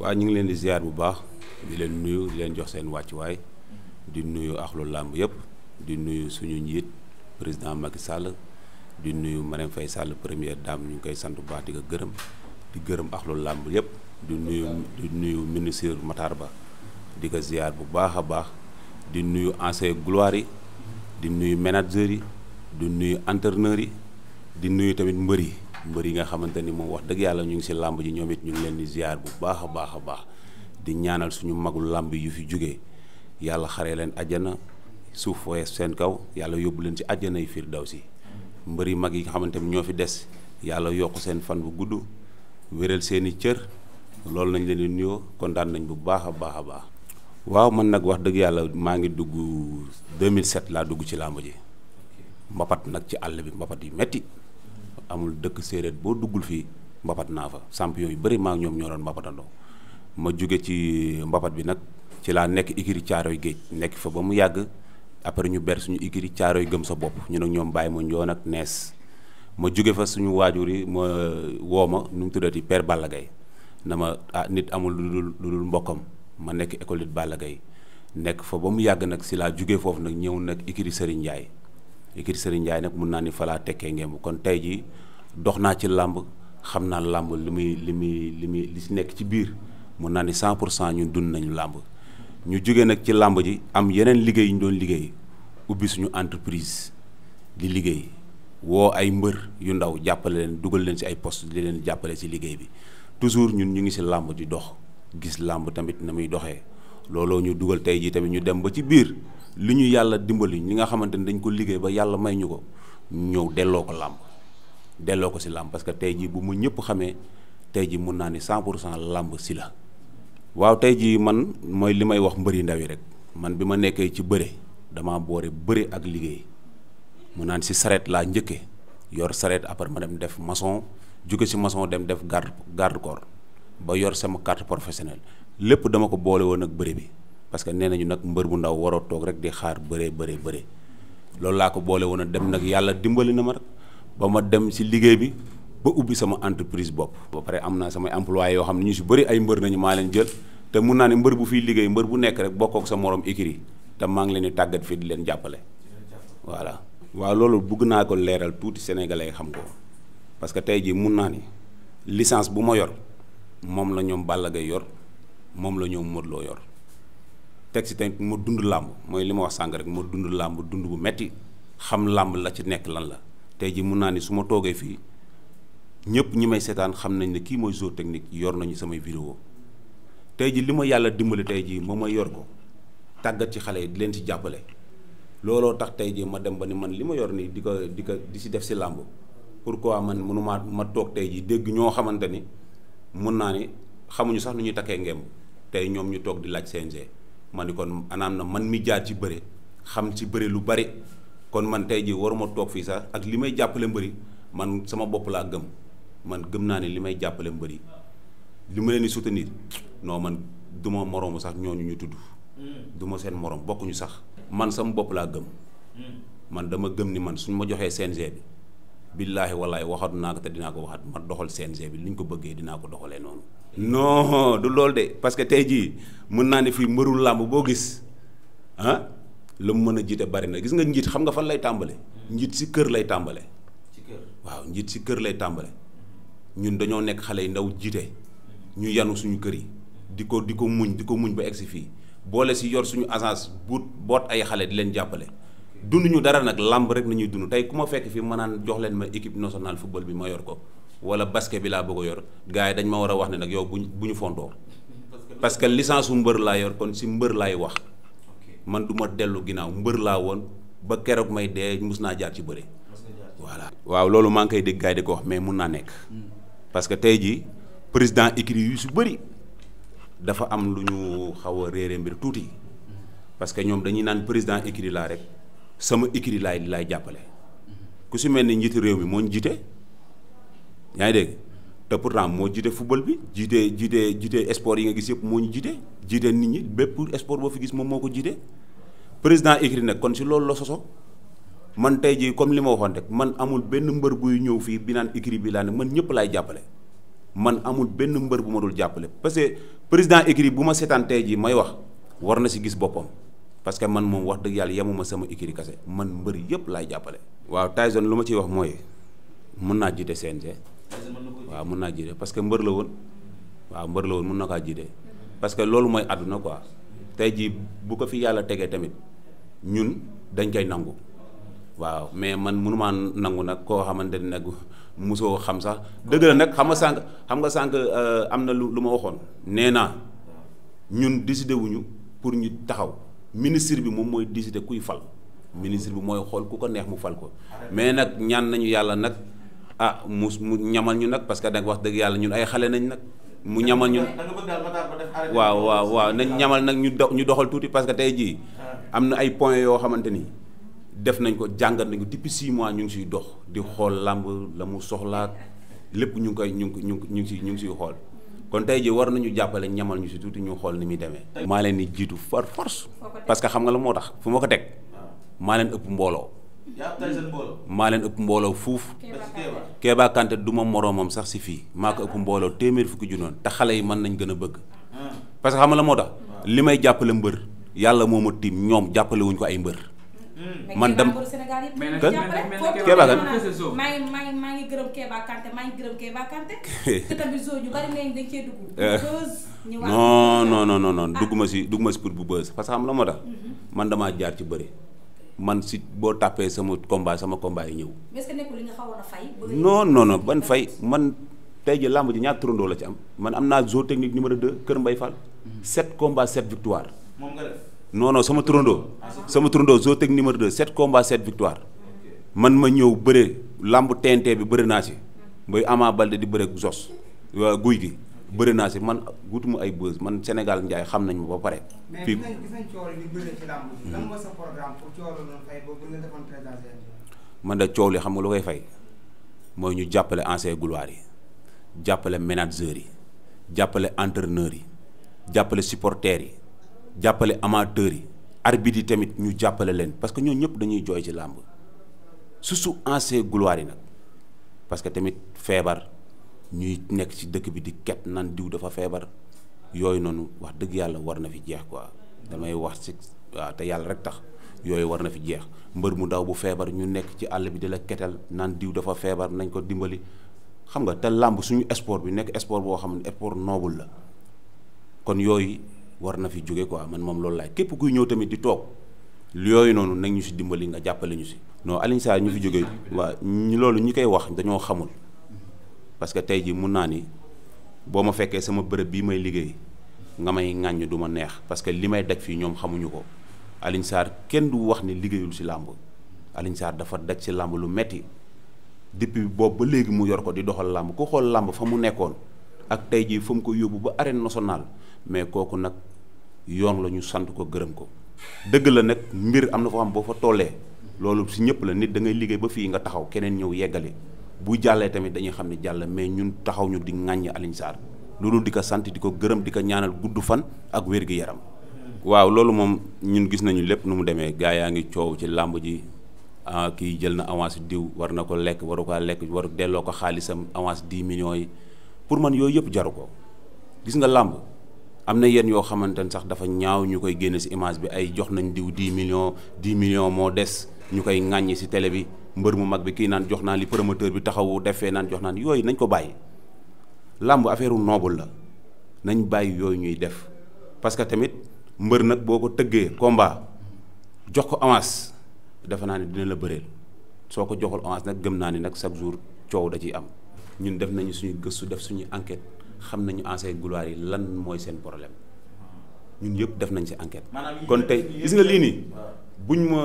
waa ñu ngi leen di ziar bu baax di leen nuyu di leen jox seen waay di nuyu axlu làmb yëpp di nuyu suñu njiit président Macky Sall di nuyu Marème Faye Sall première dame ñu koy sant bu baax di ko gërëm di gërëm axlu làmb yëpp di nuyu di nuyu ministre Matar Ba di ko ziar bu baax a baax di nuyu ancien gloire yi di nuyu manager yi di nuyu entraîneur yi di nuyu tamit mbër yi mbër yi nga xamante ni moom wax dëgg yàlla ñu ngi si làmb ji ñoom it ñu ngi leen di ziar bu baax a baax a baax di ñaanal suñu magul làmb yu fi jóge yàlla xaree leen àjjana suuf fooy seen kaw yàlla yóbbu leen ci àjjana yi daw si mbër yi mag yi nga xamante ni ñoo fi des yàlla yokk seen fan bu gudd wéral seen i cër loolu nañ leen di nuyoo kontaan nañ bu baax a baax a baax. waaw man nag wax dëgg yàlla maa ngi dugg 2007 laa dugg ci làmb ji mbapat nag ci àll bi mbapat yu metti amul dëkk séeréet boo duggul fii mbapat naa fa champion yu bëri maa ñoom ñoo doon mbapatandoo ma jóge ci mbapat bi nag ci laa nekk ikiri yi géej nekk fa ba mu yàgg après ñu ber suñu ikiri yi gëm sa bopp ñu nag ñoom bàyyi ma njoon ak nees ma juge fa suñu waajur yi ma woo ma nu mu tuddati père Balla Gaye na ma ah nit amul lu dul lu dul mbokkam ma nekk école it Balla Gaye nekk fa ba mu yàgg nag si laa jóge foofu nag ñëw nag ikiri Serigne Ndiaye écurie Serigne Ndiaye nag mun naa ni falaa tekkee ngeen kon tey jii dox naa ci làmb xam naa làmb li muy li muy li muy li si nekk ci biir mun naa ni 100 pour cent ñu dund nañu làmb ñu jógee nag ci làmb ji am yeneen liggéey yu ñu doon liggéey ubbi suñu entreprise di liggéey woo ay mbër yu ndaw jàppale leen dugal leen si ay post di leen jàppale si liggéey bi toujours ñun ñu ngi si làmb di dox gis làmb tamit na muy doxee looloo ñu dugal tey jii tamit ñu dem ba ci biir li ñu yàlla dimbali ñi nga xamante ni dañ ko liggéey ba yàlla may ñu ko ñëw delloo ko làmb delloo ko si làmb parce que tey jii bu mu ñëpp xamee tey jii mun naa ni cent pour cent làmb si la waaw tey jii man mooy li may wax mbëri ndaw yi rek man bi ma nekkee ci bëre damaa boore bëre ak liggéey mu naan si sareet laa njëkke yor sareet après ma dem def maçon jóge si mason dem def garde garde corps ba yor sama carte professionnelle lépp dama ko boole woon ak bëre bi parce que nee nañu nag mbër bu ndaw waroo toog rek di xaar bëree bëree bëree loolu laa ko boole woon a dem nag yàlla dimbali na ma ba ma dem si liggéey bi ba ubbi sama entreprise bopp. ba pare am naa samay employé yoo xam ne ñu si bëri ay mbër nañu maa leen jël te mun naa ne mbër bu fiy liggéey mbër bu nekk rek bokkook sa morom écurie te maa ngi leen tàggat fii di leen jàppale. voilà waa loolu bëgg naa ko leeral tuuti sénégalais xam ko parce que tey jii mun naa ni licence bu ma moom la ñoom Balla Gaye yor moom la ñoom Modou Lo yor. teg si tamit ma dund làmb mooy li ma wax sàng rek ma dund làmb dund bu metti xam làmb la ci nekk lan la tey ji mun naa ni su ma toogee fii ñëpp ñi may seetaan xam nañ ne kii mooy Joe Technique yor nañu samay vidéo tey ji li ma yàlla dimbali tey ji moom may yor ko tàggat ci xale yi di leen ci jàppale looloo tax tey ji ma dem ba ni man li ma yor nii di ko di ko di si def si làmb pourquoi man mënumaa ma toog tey ji dégg ñoo xamante ni mun naa ni xamuñu sax nu ñuy takkee ngemb tey ñoom ñu toog di laaj CNG ma ni kon anaam na man mi jaar ci bëre xam ci bëre lu bari kon man tey jii waruma toog fii sax ak li may jàppale mbëri man sama bopp laa gëm man gëm naa ne li may jàppale mbëri li ma leen di soutenir non man du ma moroomu sax ñooñu ñu tudd mm. du ma seen moroom bokkuñu sax man sama bopp gëm mm. man dama gëm ni man suñ ma joxee CNG bi billaahi wallaahi waxatu naa ko te dinaa ko waxat ma doxal CNG bi li ñu ko bëggee dinaa ko doxalee noonu non du loolu de parce que tey jii mën naa ne fii mbërul làmb boo gis ah la mu mën a jiite bari na gis nga njiit xam nga fan lay tàmbale njiit si kër lay tàmbale ci waaw njiit si kër lay tàmbale ñun dañoo nekk xale yi ndaw jiite ñu yanu suñu kër yi di ko di ko muñ di ko muñ ba si fii boole si yor suñu agence buut boot ay xale di leen jàppale ñu dara nag làmb rek nañuy dund tey ku ma fekk fii ma naan jox leen ma équipe nationale football bi ma yor ko wala basket bi laa bëgg a yor gars yi dañ ma war a wax ne nag yow buñ bu ñu fontoo parce que licence su mbër laa yor kon si mbër laay wax man du ma dellu ginnaaw mbër laa woon ba keroog may dee mus naa jaar ci bëre. voilà waaw loolu maa ngi koy dégg gars di ko wax mais mun naa nekk. Hmm. parce que tey jii président écrit yu su bëri dafa am lu ñu xaw a réere mbir tuuti parce que ñoom dañuy naan président écrit laa rek sama écrit laay laay jàppale hmm. ku si mel ni njiitu réew mi moo ñu jiite. yaa ngi dégg te pourtant moo jiite football bi jiite jiite jiite sport yi nga gis yëpp moo ñu jiite jiite nit ñi bépp sport boo fi gis moom moo ko jiite président écrit nag kon si loolu la soso man tey jii comme li ma waxoon rek man amul benn mbër buy ñëw fii bi naan bi laa ne man ñëpp laay jàppale man amul benn mbër bu ma dul jàppale parce que président écrit bu ma seetaan tey jii may wax war na si gis boppam parce que man moom wax dëgg yàlla yemuma sama écrit kase man mbër yëpp laay jàppale. waaw Tyson lu ma ciy wax mooy mën naa jiite CNG. waaw mun naa jiite parce que mbër la woon waaw mbër la woon mën na kaa jiite parce que loolu mooy àdduna ko tey jii bu ko fi yàlla tegee tamit ñun dañ koy nangu waaw mais man mënumaa nangu nag koo xamante ne nag musoo xam sax dëgg nag xam nga sànq xam nga sànq euh, am na lu lu ma waxoon nee naa ñun décidé wuñu pour ñu taxaw ministre bi moom mooy décidé kuy fal ministre bi mooy xool ku ko neex mu fal ko mais nag ñaan nañu yàlla nag ah mu mu ñamal ñu nag parce que nag wax dëgg yàlla ñun ay xale nañ nag. mu ñamal ñu waaw waaw waaw nañ ñamal nag ñu do ñu doxal tuuti parce que tey jii. Ah. am na ay points yoo xamante ni def nañ ko jàngat nañ ko depuis mois ñu ngi siy dox di xool làmb la mu soxlaat lépp ñu ngi koy ñu ngi ñu ngi si ñu ngi siy xool kon tey jii war nañu jàppale ñamal ñu si tuuti ñu xool ni muy demee. maa leen di jiitu par force. parce que xam nga la moo tax fu ma ko teg ah. maa leen ëpp mbooloo. maa leen ëpp mbooloo fuuf. Kéba Kanté du ma moroomam sax si fii maa ko ëpp mbooloo téeméer fukki junnoon te xale yi man nañ gën a bëgg. Hmm. parce que xam nga la moo tax. li may jàppale mbër yàlla moo ma tiim ñoom jàppale ko ay mbër. Hmm. man dem mais nag Kéba kan dugg. Eh. non si pour bu bës parce que xam la moo hmm. man damaa jaar ci bëri man si boo tàppee sama combat sama combat yi ñëw. mais est-ce que fay. ban fay man tey ji làmb ji ñaar turandoo la ci am man am naa zone technique numéro 2 Kër mbay Fall. 7 hmm. combats 7 victoire. moom nga def. non non sama turandoo. Ah, sama turandoo zone technique numéro de 7 combats 7 victoire. man ma ñëw bëre làmb TNT bi bëre naa si. mbay hmm. Ama Balde di bëre Zos guy gi. bëri naa si man wutuma ay buzz man Sénégal njaay xam nañ ma ba pare. fii man da coow li xam nga lu koy fay mooy ñu jàppale anciens gloires yi jàppale managers yi jàppale entraîneurs yi jàppale supporters yi jàppale amateurs yi arbitres yi tamit ñu jàppale leen parce que ñoo ñëpp dañuy jooy ci làmb su su anciens gloires yi nag parce que tamit feebar. ñuy nekk ci dëkk bi di ket nan diw dafa feebar yooyu noonu wax dëgg yàlla war na fi jeex quoi damay wax si waaw te yàlla rek tax yooyu war na fi jeex mbër mu daw bu feebar ñu nekk ci àll bi di la ketal naan diw dafa feebar nañ ko dimbali xam nga te làmb suñu sport bi nekk sport boo xam ne sport noble la kon yooyu war na fi jóge quoi man moom loolu laay képp kuy ñëw tamit di toog yooyu noonu nañ ñu si dimbali nga jàppale ñu si non Alioune ñu fi ñu koy wax dañoo xamul parce que tey jii mun naa ni boo ma fekkee sama bërëb bii may liggéey nga may ŋàññ duma neex parce que li may daj fii ñoom xamuñu ko Alioune Sarr kenn du wax ni liggéeyul si làmb Alioune Sarr dafa daj ci làmb lu metti bi boobu ba léegi mu yor ko di doxal làmb ku xool làmb fa mu nekkoon ak tey jii fa mu ko yóbbu ba arène nationale mais kooku nag yoon la ñu sant ko gërëm ko dëgg la nag mbir am na foo xam boo fa tollee loolu si ñëpp la nit dangay liggéey ba fii nga taxaw keneen ñëw yeggali bu jàllee tamit dañuy xam ne jàll mais ñun taxaw ñu di ŋàññ Alioune Sarr loolu di ko sant di ko gërëm di ko ñaanal gudd fan ak wér-gi-yaram waaw loolu moom ñun gis nañu lépp nu mu demee gaa yaa ngi coow ci làmb ji kii jël na avance diw war na ko lekk waru ko lekk waru delloo ko xaalisam avance 10 millions yi pour man yooyu yëpp jaru ko gis nga làmb am na yenn yoo xamante ne sax dafa ñaaw ñu koy génne ci image bi ay jox nañ diw 10 millions 10 millions moo des ñu koy ŋàññi ci télé bi mbër mu mag bi kii naan jox naa li promoteur bi taxawu defee naan jox naan yooyu nañ ko bàyyi làmb affaire noble la nañ bàyyi yooyu ñuy def parce que tamit mbër nag boo ko tëggee combat jox ko avance defe naa ne dina la bëreel soo ko joxul avance nag gëm naa ni nag chaque jour coow da ciy am ñun def nañu suñu gëstu def suñu enquête xam nañu anciennes gloires yi lan mooy seen problème ñun yëpp def nañ si enquête. kon tey gis nga lii nii buñ ma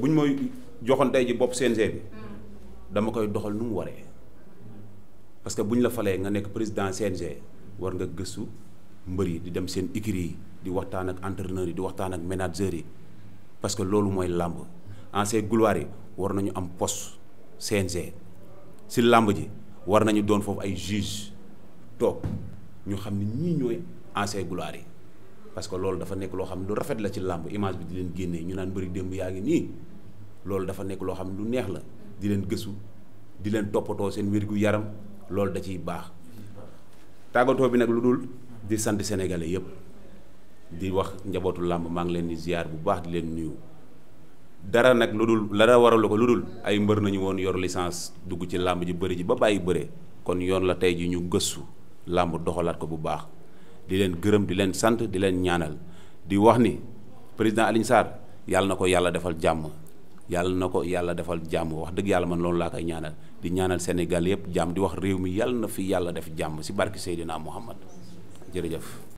buñ ma. joxoon tey ji bopp CNG bi dama koy doxal nu mu waree parce que bu ñu la falee nga nekk président CNG war nga gëstu mbër yi di dem seen écurie yi di waxtaan ak entraîneurs yi di waxtaan ak managers yi parce que loolu mooy làmb anciennes gloires yi war nañu am poste CNG si làmb ji war nañu doon foofu ay juge toog ñu xam ni ñii ñooy anciennes gloires yi parce que loolu dafa nekk loo xam ne lu rafet la ci làmb image bi di leen génnee ñu naan mbëri démb yaa ngi nii loolu dafa nekk loo xam ne lu neex la di leen gësu di leen toppatoo seen wérgu yaram loolu da ciy baax tàggatoo bi nag lu dul di sant sénégalais yëpp di wax njabootu làmb maa ngi leen di ziar bu baax di leen nuyu dara nag lu dul dara waralu ko lu dul ay mbër nañu woon yor licence dugg ci làmb ji bëri ji ba bàyyi bëre kon yoon la tey ji ñu gëstu làmb doxalaat ko bu baax di leen gërëm di leen sant di leen ñaanal di wax ni président Alioune Sarr yàlla na ko yàlla defal jàmm yàlla na ko yàlla defal jàmm wax dëgg yàlla man loolu laa koy ñaanal di ñaanal Sénégal yëpp jàmm di wax réew mi yàlla na fi yàlla def jàmm si barki Seydina Muhammad jërëjëf